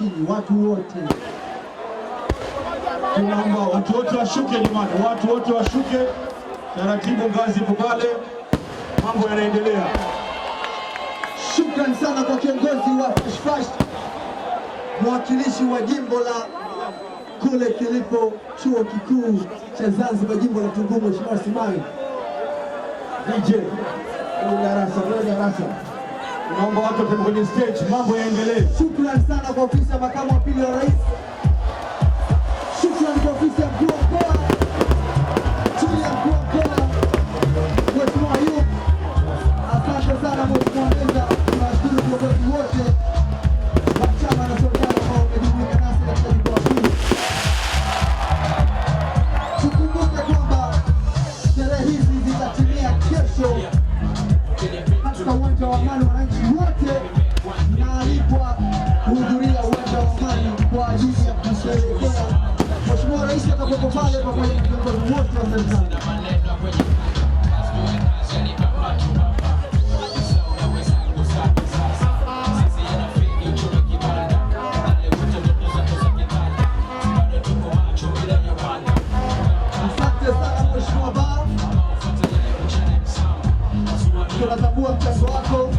chini, watu wote tunaomba watu wote washuke jamani, watu wote washuke taratibu, ngazi ipo pale, mambo yanaendelea. Shukrani sana kwa kiongozi wa Fresh Fresh, mwakilishi wa jimbo la kule kilipo chuo kikuu cha Zanzibar, jimbo la Tunguu, Mheshimiwa Simai DJ darasa darasa naomba watu watende kwenye stage, mambo yaendelee. Shukrani sana kwa ofisi ya makamu wa pili wa rais, shukrani kwa ofisi ya mkuu wa mkoa, chini ya mkuu wa mkoa Mheshimiwa Ayub, asante sana mheshimiwa. stara mheshimiwa ba tunatambua mkazo wako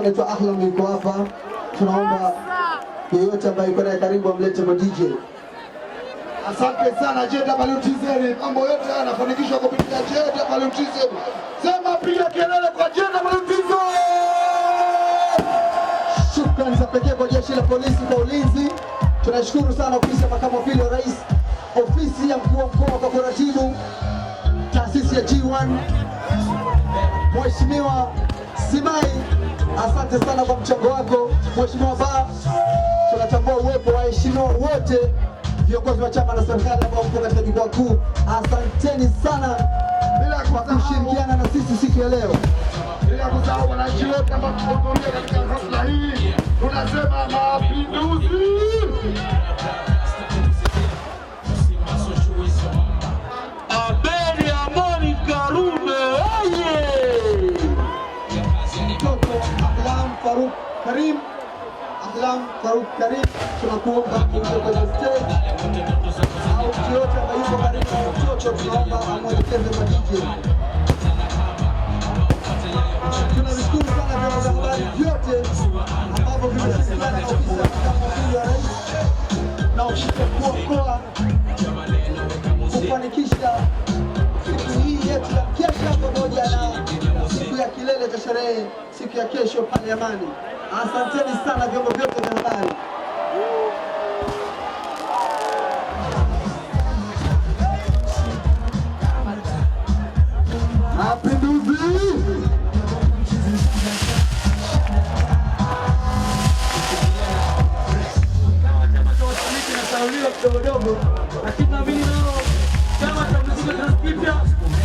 anaitwa Ahlam yuko hapa, tunaomba yeyote ambaye yuko naye karibu amlete kwa DJ. Asante sana JWTZ, mambo yote haya yanafanikishwa kupitia JWTZ. Sema, piga kelele kwa JWTZ. Shukrani za pekee kwa jeshi la polisi kwa ulinzi. Tunashukuru sana ofisi ya makamu wa pili wa rais, ofisi ya mkuu wa mkoa kwa kuratibu, taasisi ya G1 Mheshimiwa Simai Asante sana kwa mchango wako Mheshimiwa Ba. Tunatambua uwepo wa heshimiwa wote viongozi wa chama na serikali ambao mko katika jukwaa kuu, asanteni sana kwa kushirikiana na sisi siku ya leo. Bila kusahau wananchi wote ambao tumehudhuria katika hafla hii, tunasema mapinduzi karibu, tunakuomba kimbia kwenye stendi au yote ambayo yuko karibu na mtoto, tunaomba amwelekeze kwa DJ. Tunavishukuru sana vyombo vya habari vyote ambavyo vimeshirikiana na ofisi ya makamu wa wa rais na ofisi kuokoa mkuu kufanikisha siku hii yetu ya kesha pamoja na siku ya kilele cha sherehe siku ya kesho pale Amani. Asanteni sana vyombo vyote vya habari. dogodogo, lakini naamini nao chama cha muziki kizazi kipya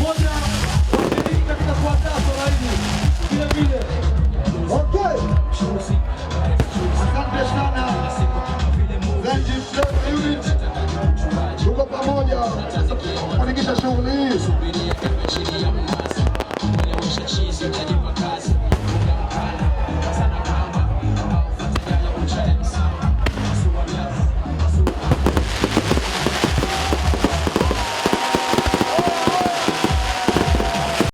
moja washiriki katika kuandaa swala hili vile vile. Okay, asante sana tuko pamoja kufanikisha shughuli hii.